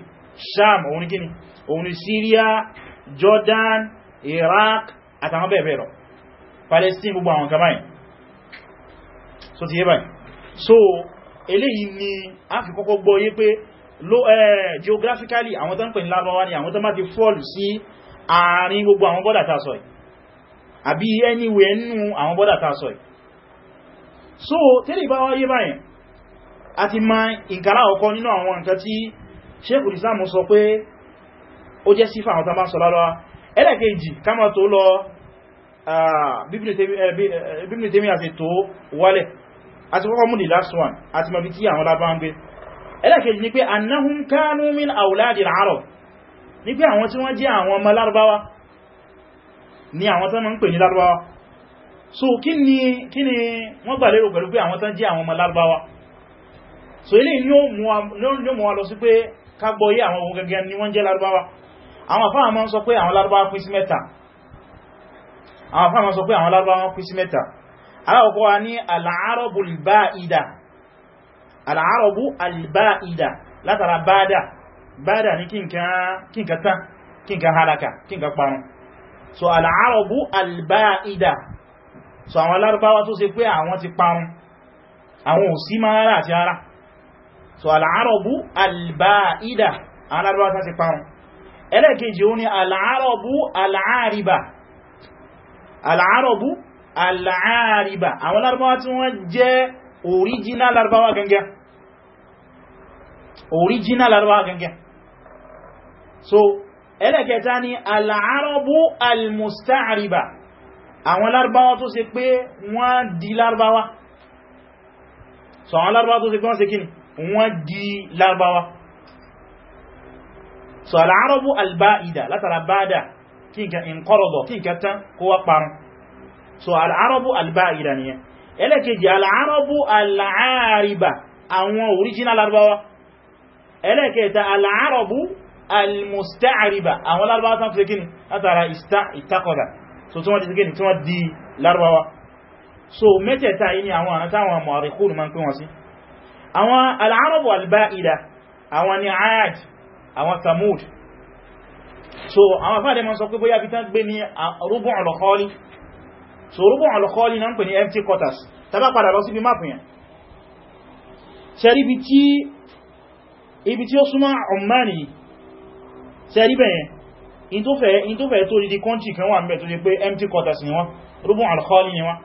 A: sham òun gini òun syria jordan iraq àtàwọn bẹ̀rẹ̀ lọ palestine gbogbo àwọn kama yìí so ti yé báyìí so eléyìí ni a fi kọ́kọ́ gbọ́ yé pé eh, geographically àwọn tán pè ní lábáwá ni àwọn tán bá ti fall sí àárín gbogbo àwọn bọ́dà tásọ̀ yìí àbí anywhere nínú àwọn bọ́dà tásọ̀ yìí so tẹ́lẹ̀ bá wáyé báyìí a ti ma ìkàrà ọkọ̀ nínú àwọn nǹkan tí Sheikhul Islam sọ pé ó jẹ́ sífà àwọn tàbá sọlọ́lọ́ ẹlẹ́kẹ́jì kama tó lọ Ibn Taymiyyah àti tó wálẹ̀ àti kọ́kọ́ mú ní last one àti mabi tí àwọn lábá ń gbé ẹlẹ́kẹ́jì ni pé annahum kanu min awladil arab so kí ni kí ni wọ́n gbà lérò pẹ̀lú pé àwọn tán jẹ́ àwọn ọmọ lárúbáwá so ilé ni ó mú wa lọ sí pé kágbọ́ yí àwọn ohun gẹ́gẹ́ ni wọ́n jẹ́ lárúbáwá àwọn afáà máa ń sọ pé àwọn lárúbáwá pín sí mẹ́ta àwọn afáà máa ń sọ pé àwọn lárúbáwá pín so al al-ba'ida so àwọn lárúbáwá tó ṣe pé àwọn ti parun àwọn ò sí máa rárá àti ara so al'arabu alba'ida àwọn lárúbáwá tó ti parun ẹlẹ́kejì ó ní al'arabu al'ariba al'arabu al'ariba àwọn lárúbáwá tí wọ́n jẹ́ original lárúbáwá gangan original lárúbáwá gangan so ẹlẹ́kẹta ni al'arabu al-musta'ariba al àwọn lárúbáwá tó ṣe pé wọ́n di lárúbáwá so àwọn lárúbáwá tó ṣe pé wọ́n ṣe kí wọ́n di lárúbáwá so al'arabu alba'ida látara bada kí nǹkan inqarada kí nǹkan tán kó wá parun so al'arabu alba'ida nìyẹn ẹlẹ́kejì al'arabu al'ariba àwọn original lárúbáwá ẹlẹ́kẹta al'arabu almusta'ariba àwọn lárúbáwá tán fi kí látara ìtakọ̀dà so tí wọ́n ti sí gẹ́ni tí wọ́n di lárúbáwá so mẹ́tẹ̀ẹ̀ta yìí ni àwọn àrántá àwọn mọ̀ríkún ma ń pín wọn sí àwọn al'arabu alba'ida àwọn ni aad àwọn tamud so àwọn afáàdẹ ma sọ pé bóyá fitan gbé ní rúbùn alkhọ́lì so rúbùn alkhọ́lì na ń empty quarters tàbá padà lọ sí bí mápù yẹn sẹ́rí ibi tí in tó fẹ́ in tó fẹ́ tó dìdí kọ́ntì kan wà ń tó jẹ́ pé empty quarters ni wọ́n rúbùn alkhali ni wọ́n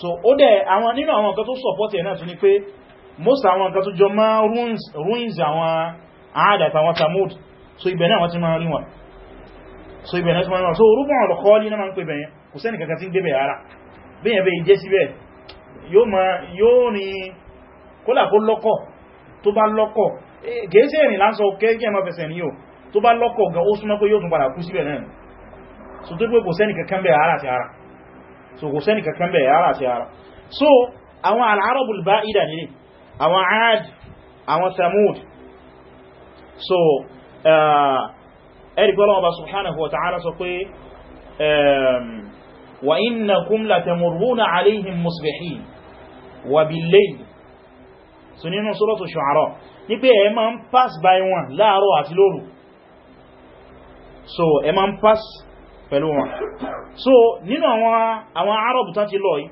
A: so ó dẹ̀ àwọn nínú àwọn nǹkan tó support ẹ̀ náà tún ni pé most àwọn nǹkan tó jọ má ruins àwọn àádàtà wọn Samud so ibẹ̀ náà wọ́n ti máa rí wọn so ibẹ̀ náà ti máa rí wọn so rúbùn alkhali náà máa ń pè bẹ̀yẹn kò sẹ́nì kankan tí ń débẹ̀ ara bẹ́yẹn bẹ́ ìjẹ́ síbẹ̀ yóò ní kólà kó lọ́kọ̀ tó bá lọ́kọ̀ eh, kèése ìrìn lásọ kéèkéè má fẹsẹ̀ ní yóò tó bá lọ́kọ̀ gan ó súnmọ́ pé yóò tún padà kú síbẹ̀ náà so tó pé kò sẹ́ni kankan bẹ̀ ara àti ara so kò sẹ́ni kankan bẹ̀ ara àti ara so àwọn al'arabul ba'ida nílé àwọn Aad àwọn Thamud so eh, ẹ̀rì pẹ́lú ọba subhanahu wa ta'ala sọ ehm, ní pé ẹ máa ń pass by one، láàárọ̀ àti lóru so ẹ ma ń pass pẹ̀lú wọn so nínú àwọn àwọn arab tán ti lọ yìí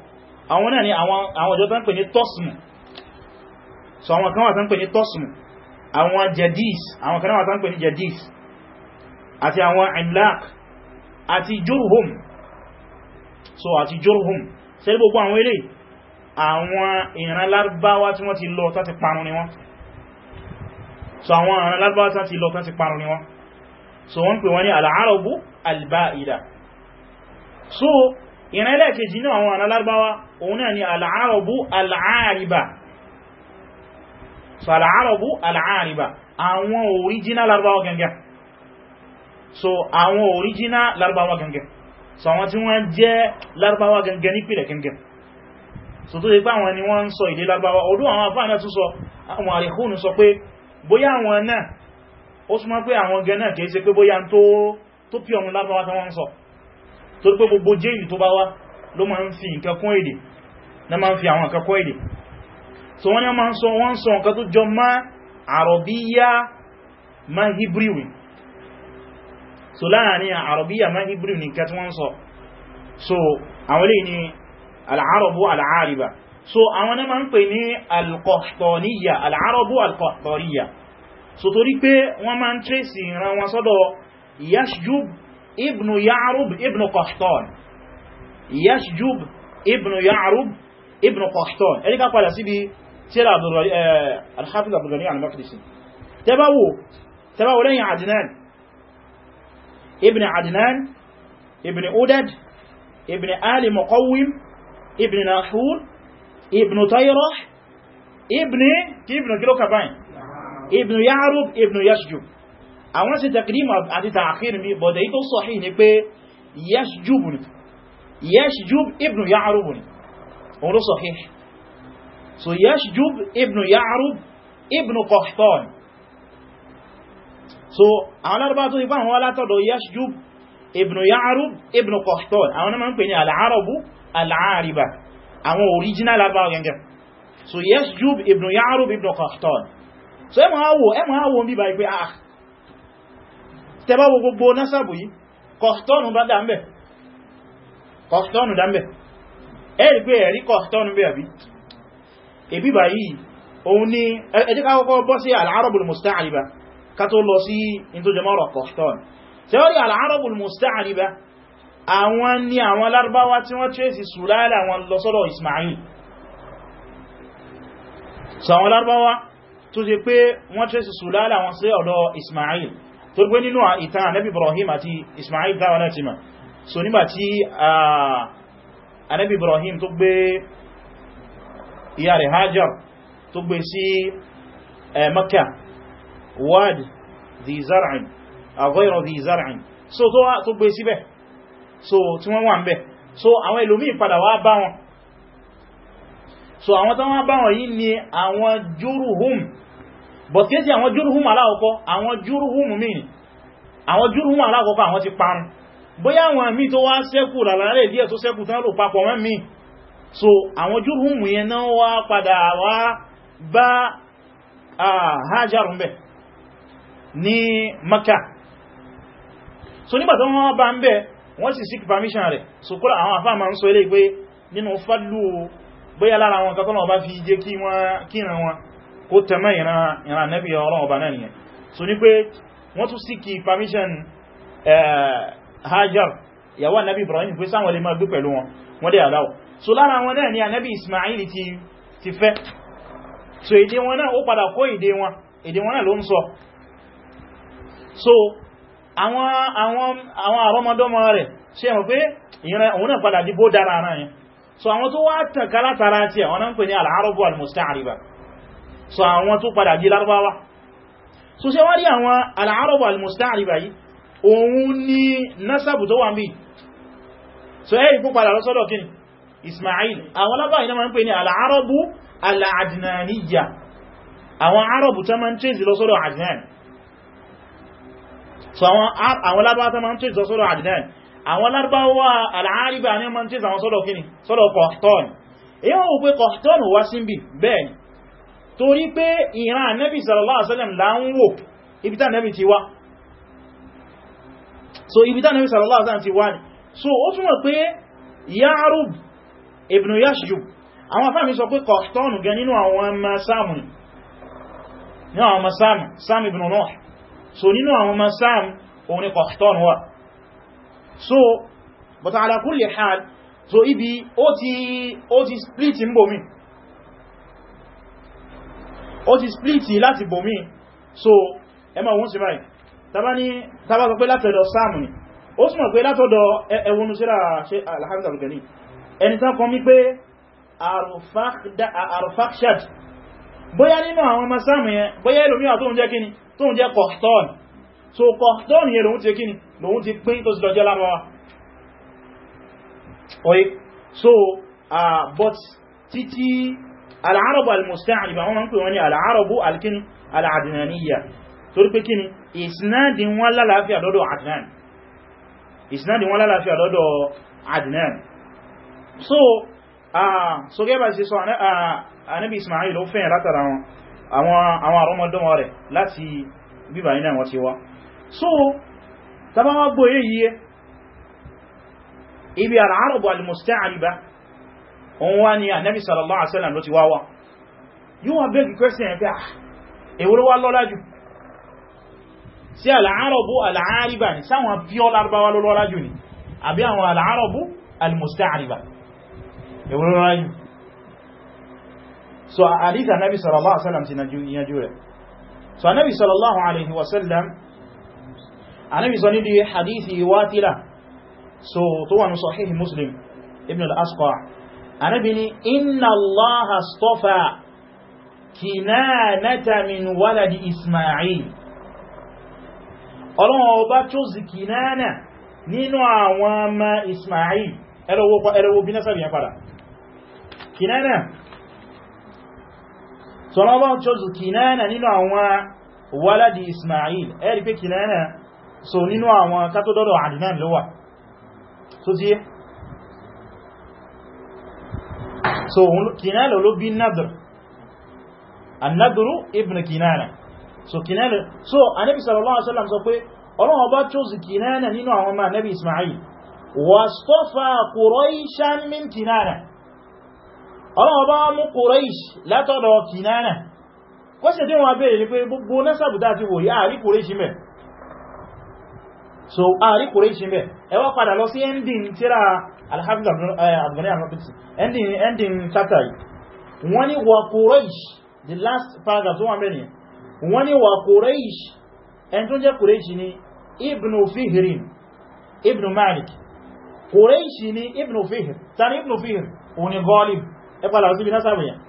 A: àwọn náà ni àwọn ọjọ́ tán pè ní tosmu so àwọn kan wà tán pè ní tosmu àwọn jadis àwọn kan wà tán pè ní jadis Ati àwọn imlaq ati jurhum so ati jurhum ṣé gbogbo àwọn ilé àwọn ìran lárúbáwá tí wọ́n ti lọ tán ti parun ni wọ́n so àwọn ìran lárúbáwá tán ti lọ tán ti parun ni wọ́n so wọ́n pè wọ́n ní al'arabu alba'ida so ìran ẹlẹ́ẹ̀kejì ní àwọn alárúbáwá òun náà ni al'arabu al'ariba so al'arabu al'ariba àwọn original lárúbáwá gangan so àwọn original lárúbáwá gangan so àwọn tí wọ́n jẹ́ lárúbáwá gangan nípìlẹ̀ gangan so tó ṣe pé àwọn ni wọ́n ń sọ èdè lárúbáwá ọdún àwọn àfáà náà tún sọ àwọn àríkúnù sọ pé bóyá àwọn ó súnmọ́ pé àwọn gẹ náà kìí ṣe pé bóyá tó pí ọmọ lábáwá tán wọ́n sọ tó pé gbogbo jéèdì tó bá wá ló máa ń fi nǹkan kún èdè na máa ń fi àwọn nǹkan èdè so wọ́n ni wọ́n sọ wọ́n sọ nǹkan tó jọ má àrọ̀bíyà má híbríwì so láàrin àrọ̀bíyà má híbríwì nìkan tí wọ́n sọ ní alkọ̀tọ̀níyà so torí pé wọ́n máa ń tírèsì ìran wọn sọ́dọ̀ yashjub ibn ya'rub ibn qahtan yashjub ibn ya'rub ibn qahtan ẹni ká padà síbi tíra al-hafiz abdulgani al-maqdisi tẹ́báwò tẹ́báwò lẹ́yìn adnan ibn adnan ibn udad ibn ali muqawwim kí ibn kílókà ibn yarub ibn yashjub àwọn sì takrim àti ta'khir mi bọ̀dẹ̀ yí tó sahih ni pé yashjub ni yashjub ibn yarub ni òun ló sahih so yashjub ibn yarub ibn qahtan so àwọn lárúbá tó ipá àwọn alátọ̀dọ̀ yashjub ibn yarub ibn qahtan àwọn náà ma ń pè ní al'arabu al'ariba àwọn original lárúbá gẹ́gẹ́ so yashjub ibn yarub ibn qahtan so ẹ máa wò ẹ máa wò bí báyìí pé ah tẹbá wo gbogbo násàbù yìí kọ̀tọ́nù bá dámbẹ̀ kọ̀tọ́nù dámbẹ̀ ẹ̀rí pé ẹ̀rí kọ̀tọ́nù bẹ̀ àbí ẹbí báyìí òun ni ẹ jẹ́ ká kọ́kọ́ bọ́ sí al-arabul musta'ariba ká tó lọ sí ìntòjẹmọ́rọ̀ kọ̀tọ́nù tó ṣe pé wọ́n tẹ́sì sùlálà wọn sí ọ̀dọ̀ Ismail tó gbé nínú ìtàn Ànábì Ibrahim àti Ismail dáwọn náà ti ma so nígbà tí Ànábì Ibrahim tó gbé ìyá rẹ̀ Hajar tó gbé sí Makka wad dhi zar'in ghayra dhi zar'in so tó gbé síbẹ̀ so tí wọ́n wà ń bẹ̀ so àwọn ẹlòmí padà wá bá wọn so àwọn tán wá bá ni àwọn jùrù hùm but kéèsì àwọn jùrùhùn aláwọ̀kọ́ àwọn jùrùhùn mìí àwọn jùrùhùn aláwọ̀kọ́ àwọn ti parun bóyá àwọn mí tó wá sẹ́kù lálàrẹ̀ díẹ̀ tó sẹ́kù tán lò papọ̀ wọn mí so àwọn jùrùhùn yẹn náà wá padà wá bá Hajarun so nígbà tó wọ́n bá ń bẹ̀ permission rẹ̀ so kúrò àwọn àfáà máa ń sọ ilé pé nínú fadlu bóyá lára wọn kakọ́nà kó tẹ̀mẹ́ ìran nẹ́bí ọlọ́run ọba náà nìyẹn so ní pé wọ́n tún síkì permission eh, Hajar yàwó nẹ́bí Ibrahim pé sáwọn lè máa gbé pẹ̀lú wọn wọ́n dẹ̀ aláwọ̀ so lára wọn náà ni ànẹ́bí Ismail ti fẹ́ so èdè wọn náà ó padà kó èdè wọn èdè wọn náà ló ń sọ so àwọn àwọn àwọn àrọmọdọ́mọ rẹ̀ ṣe mọ̀ pé ìran òun náà padà dìbò dára náà yẹn so àwọn tó wá tàn kálátara tí àwọn náà ń pè ní al-arabu al-musta'riba so àwọn tó padà di lárúbáwá so ṣe wá rí àwọn al-Arab al-musta'riba yìí òun ni nasabu tó wà mí so ẹ́ ìkú padà lọ́sọ́dọ̀ kí Ismail àwọn lábá iná máa ń pè ní al-Arab al-Adnaniyya àwọn Arab tó máa ń tẹ́jì lọ́sọ́dọ̀ Adnan so àwọn lábá tó máa ń tẹ́jì lọ́sọ́dọ̀ Adnan àwọn lárúbáwá al-Ariba ní torí pé ìran ànábì sallallahu alaihi wasallam là ń wò ibi ti wá so ibi tá ànábì sallallahu alaihi wasallam ti wá ni so ó túnmọ̀ pé Ya'rub ibn Yashjub àwọn afẹ́mi sọ pé kọ̀tọ́nù gan nínú àwọn ọmọ Sáàmù ní àwọn ọmọ so nínú àwọn ọmọ Sáàmù òun ni kọ̀tọ́nù so but ala kulli hal so ibi ó ti ó ti ó ti spliti láti bòmí so ẹmọ òun sí báyìí tàbá sọ pé látọ̀dọ̀ sáàmù ni ó sì mọ̀ pé látọ̀dọ̀ ẹwọnú síra ṣe alhamdu alkani ẹni tán kan mí pé arufakshad bóyá nínú àwọn ọmọ sáàmù yẹn bóyá ẹlòmíwà tó ń jẹ́ so kọ̀tọ́n yẹn lòun ti kíni lòun ti pín oye so uh, but títí al-arabu al-musta'riba wọ́n ń pè wọ́n ní al-arabu alkin al-adnaniyya torí pé kíni isnadin wọn lálàáfíà lọ́dọ̀ adnan isnadin wọn lálàáfíà lọ́dọ̀ adnan so so gẹ́bà sí sọ anábi ismail ó fẹ́yìn látara wọn àwọn àrọmọdọ́mọ rẹ̀ láti bíbà iná wọ́n ti wá so tàbá wọ́n gbóyé yíye ibi al-arabu òun wá ní ànábì ah, sallallahu alaihi wasallam ló ti wá wá yíò wá bẹ́ẹ̀kì question ẹgbẹ́ ah, èwo ló wá lọ́lá jù sí al-arabu al-ariba ní sáwọn pure lárúbáwá ló lọ́lá jù ní àbí àwọn al-arabu al-musta'riba èwo ló lọ́lá jù so hadith ànábì sallallahu alaihi wasallam ti yanjú rẹ̀ so ànábì sallallahu alaihi wasallam ànábì sọ ibn al-asqa arábìnrin inna allah astofa kinanata min waladi ismail ọlọ́wọ́ ọba chóòsì kinana nínú àwọn ọmọ ismail ẹrẹwò bí násàrí ya padà kinana sọlọ́wọ́ chóòsì kinana nínú àwọn waladi ismail ẹ̀rí pé kinana so nínú àwọn kátó dọ́dọ̀ àdínáà lówà tó so, tí so kinana ló bí nadr annadru ibn kinana so kinana so anabi sallallahu alaihi wasallam sọ pé ọlọ́wọ́ bá chose kinana nínú àwọn ọmọ anabi ismail wastafa quraishan min kinana ọlọ́wọ́ bá mú quraish látọ̀dọ̀ kinana kọ́sẹ̀ tí wọ́n bèèrè ní pé gbogbo nasabu tá ti wòrí àrí quraish mẹ́ so ààrí kò rí ṣe mẹ́ ẹwà padà lọ sí ending tíra alhafiz abdullahi al ending ending chapter last paragraph tó wà mẹ́rin wọ́n ní wà Quraysh ẹn tó ibnu fihrin ibnu malik Quraysh ibnu fihr tani ibnu fihr òun ni Ghalib ẹgbà làwọn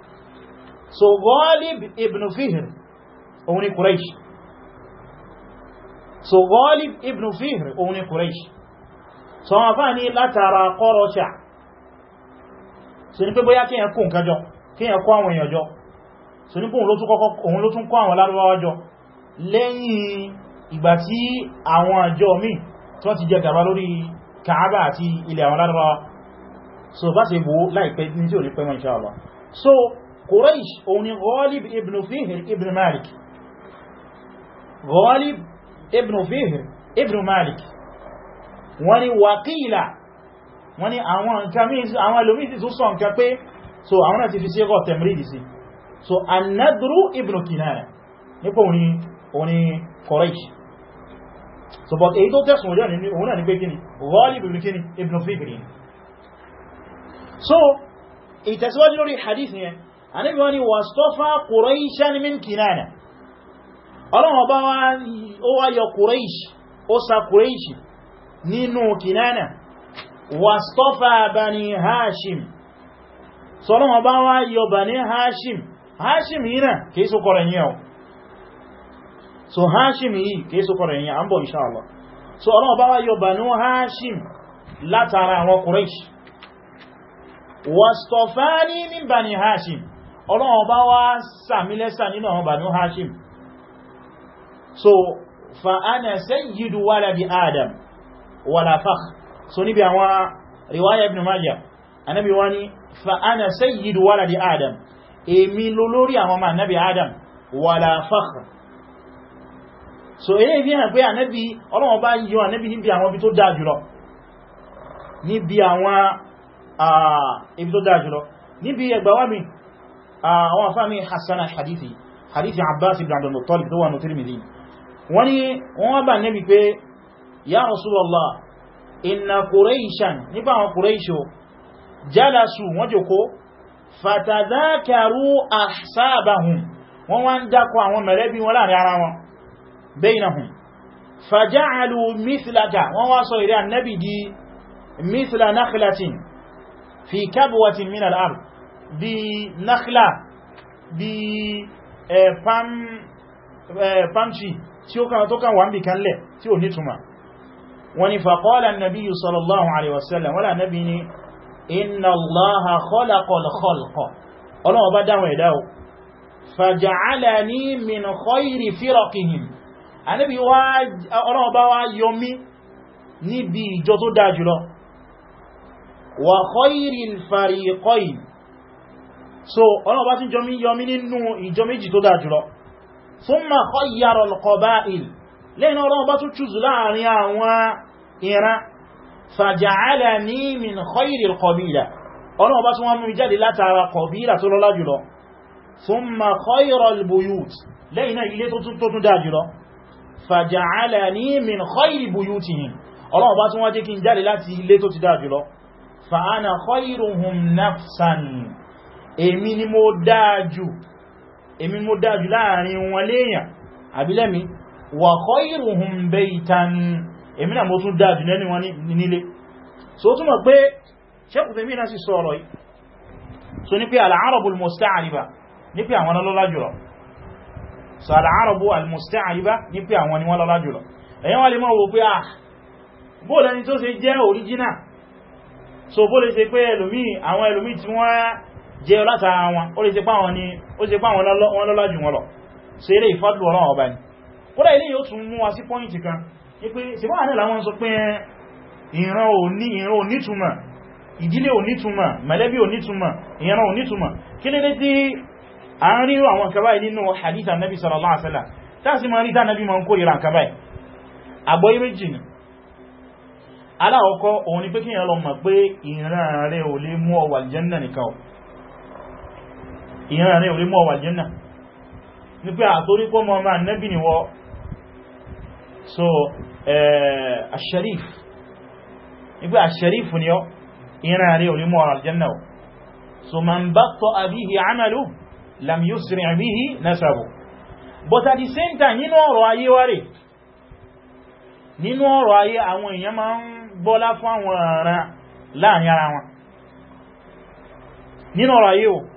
A: so Ghalib ibnu fihr òun ni so Ghalib ibn Fihr òun ni Quraysh so wọ́n fà ní látara Quraysh so ní pé bóyá kí ẹ̀kọ́ nǹkan jọ kí ẹ̀kọ́ àwọn èèyàn jọ so ní pé òun ló tún kọ́ àwọn lárúbáwá jọ lẹ́yìn ìgbà tí àwọn àjọ míì tó ti jẹ gàba lórí Kaaba àti ilẹ̀ àwọn lárúbáwá so bá ṣe bó láìpẹ́ ní tí ò ní pẹ́ mọ́ insha so Quraysh òun ni Ghalib ibn Fihr ibn Malik Ghalib ibn Fihr ibn Malik wọ́n ni wàkílà wọ́n ni àwọn ẹlòmísì tó sọ nǹkan pé so àwọn náà ti fi síkọ̀ tẹ̀mìrìdì sí so an-Nadru ibn Kinana nípa òní Quraysh so but èyí tó tẹ́sùn orí òun náà ní pé kíni Ghalib ibn kíni ibn Fihr so ìtẹ̀síwájú lórí hadith yẹn a níbi wọ́n ni wastafa Qurayshan min ọlọ́run ọba ó yọ kùrẹ́ìṣì ó sa kùrẹ́ìṣì nínú kìnánà bani hashim sọ́lọ́run ọba wá yọ bani hashim hashim yìí náà kìí sọ kọrẹ̀ yìí so hashim yìí kìí sọ kọrẹ̀ yìí Allah so ọba wá yọ bani hashim látara àwọn kùrẹ́ìṣì hashim ọlọ́run ọba wá sàmílẹ́sà hashim so fa ana sayyidu waladi adam wala fakh so níbi àwọn riwaya ibn majah anabi wani fa ana sayyidu waladi adam èmi ló lórí àwọn ma anabi adam wala fakh so èyí fi hàn pé anabi Ọlọ́run bá yọ anabi níbi àwọn ibi tó dáa jùlọ níbi àwọn ibi tó dáa jùlọ níbi ẹgbàwà mi àwọn afá mi hassana hadithi hadithi abbas ibn abdul muttalib tó wà ní tirmidhi wọ́n ni wọ́n wá bà nẹ́bí pé ya Rasulullah inna Quraishan nípa àwọn Quraisho jalasu wọ́n jòkó fatadhakaru ahsabahum wọ́n wá ń dákọ àwọn mẹ̀lẹ́bí wọn láàrin ara wọn bainahum faja'alu mithlaka wọ́n wá sọ ìrẹ́ annabi di mithla nakhlatin fi kabwatin min al bí nakhla bí eh, palm eh, tí ó kàn tó kàn wà ń bì kan lẹ̀ tí ò ní túnmà wọ́n ni faqala an-nabiyyu sallallahu alaihi wasallam wala nabi ni inna allaha khalaqal khalqa ọlọ́wọ́ bá dáwọn ẹ̀dá o faja'alani min khayri firaqihim anábi ọlọ́wọ́ bá wá yọmí níbi ìjọ fariqayn so ọlọ́wọ́ bá tún yọmí nínú ìjọ méjì tó dáa jùlọ thumma khayyara al-qaba'il lẹ́yìn ọlọ́run bá tún ṣùzù láàrin àwọn ìran faja'alani min khayri al-qabila ọlọ́run bá tún wọ́n mú jáde látara qabila tó lọ́lá jùlọ thumma khayra al-buyut lẹ́yìn ilé tó tún dá jùlọ faja'alani min khayri buyutihim ọlọ́run bá tún fa ana khayruhum nafsan èmi ni mo dáa èmi mo dájú láàrin wọn léèyàn àbílẹ́mi wa khayruhum baytan èmi náà mo tún dájú lẹ́ni wọn nílé so túnmọ̀ pé sẹ́kùnfẹ́mí náà sì sọ̀rọ̀ yìí so ní pé al-arabu al-musta'riba ní pé àwọn lọ́lá jùlọ so al-arabu al-musta'riba ní pé àwọn ni wọ́n lọ́lá jùlọ ẹ̀yẹn wà lè mọ́ wo pé à ah, bóòlẹ́ni tó ṣe jẹ́ original so bóòlẹ́ ṣe pé ẹlòmí àwọn ẹlòmí tí wọ́n jẹ́ látara wọn ó lè ṣe páwọn ní ó ṣe páwọn wọn lọ́lá jù wọn lọ ṣe eré ìfàdù ọ̀rọ̀ ọba ni kódà ilé yóò tún mú wa sí pọ́ìntì kan ní pé ṣe báwọn nílà wọn sọ pé ìran ò nítumọ̀ ìdílé ò nítumọ̀ mẹ̀lẹ́bí sallallahu alaihi wasallam tá sì máa rí tá anabi máa ń kórìíra kaba yìí àgbọ́ méjì ni aláwọ̀kọ́ òun ni pé kíyàn lọ mọ̀ pé ìran rẹ̀ ò lè mú ọ wọ nìkan ìran rẹ̀ orí mọ́ wà jẹ́nà ní pé àtórí pọ́ mọ́ máa nẹ́bì ni wọ́ so asharif ní pé asharif ni ọ ìran rẹ̀ orí mọ́ wà jẹ́nà so man batta bihi amalu lam yusri bihi nasabu but at the same time nínú ọ̀rọ̀ ayé wárẹ̀ nínú ọ̀rọ̀ ayé àwọn èèyàn máa ń bọ́lá fún àwọn ọ̀ràn láàrin ara wọn nínú ọ̀rọ̀ ayé o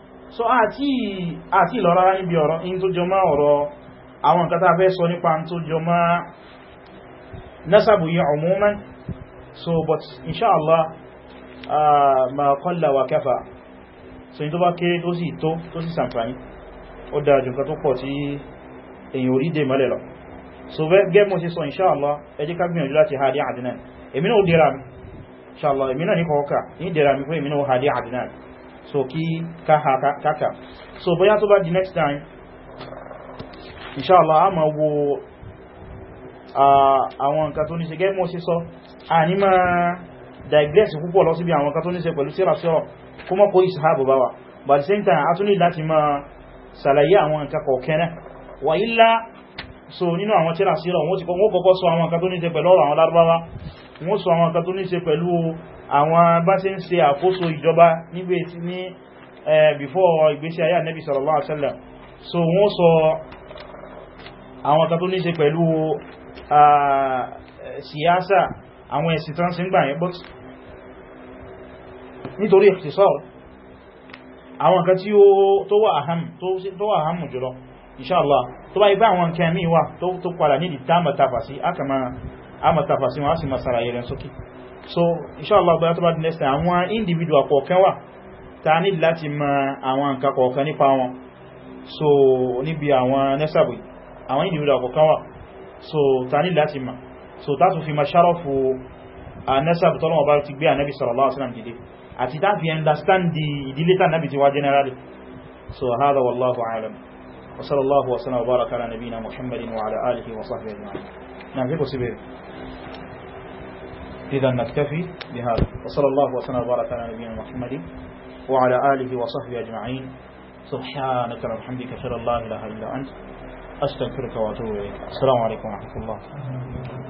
A: so àti àti ìlọ́rọ̀ níbi ọ̀rọ̀ in tó jọ máa ọ̀rọ̀ àwọn nǹkan tàbẹ́ sọ nípa tó jọ máa nasabu yí so but inshallah uh, ma qalla wa kafa so in tó bá kéré tó sì tó tó sì sàǹfàní ó dájú nǹkan tó pọ̀ tí èyàn orí dè mọ́lẹ̀ lọ so gẹ́ mo ṣe sọ inshallah ẹ jẹ́ ká gbìyànjú láti hadi Adnan èmi náà ó dẹ́ra mi inshallah èmi náà ní kọ̀ọ̀kà ní dẹ́ra mi fún èmi náà ó hadi Adnan so kí káàkà so bóyá tó bá di next time inshallah a ma wo àwọn nǹkan tó ní ṣe gẹ́mọ́ sí sọ a ní ma digress púpọ̀ lọ síbi àwọn nǹkan tó ní ṣe pẹ̀lú síra sọ́rọ̀ kó mọ́ kó ìsìhábò bá wà but the same time a tún ní láti ma sàlàyé àwọn nǹkan kọ̀ọ̀kẹ́rẹ́ wà ílá so nínú àwọn tíra sírọ̀ wọ́n ti kọ́kọ́ sọ àwọn nǹkan tó ní ṣe pẹ̀lú ọ̀rọ̀ àwọn lárúbáwá wọ́n sọ àwọn kan tó ní ṣe pẹ̀lú àwọn bá ṣe ń ṣe àkóso ìjọba níbi tí ní before ìgbésí ayé Ànábì sallallahu alaihi wasallam so wọ́n sọ àwọn kan tó ní ṣe pẹ̀lú siyasa but nítorí ikhtisar àwọn kan tí ó tó wà àhámù tó wà àhámù jùlọ inshallah tó bá ibá àwọn kẹmí wà tó padà ní ìdámọ̀tafà sí akàmà a ma tàfà sí wọn a sì ma sàràyè rẹ̀ sókè so inshallah bóyá tó bá dín lẹ́sẹ̀ àwọn individual kọ̀ọ̀kan wà ta ní láti ma àwọn nǹkan kọ̀ọ̀kan nípa wọn so níbi àwọn nẹ́sàbì àwọn individual kọ̀ọ̀kan wà so ta ní láti ma so tá tún fi ma ṣárọ̀fù a nẹ́sàbì tọ́lọ́wọ́ bá ti gbé ànábì sallallahu alaihi wasallam understand di ìdílé tá nábi ti wá so hada wallahu alam wa sallallahu wa sallam wa baraka ala nabina muhammadin wa ala alihi wa sahbihi ajma'in إذا نكتفي بهذا وصلى الله وسلم وبارك على نبينا محمد وعلى آله وصحبه أجمعين سبحانك وبحمدك أشهد أن لا إله إلا أنت أستغفرك وأتوب إليك السلام عليكم ورحمة الله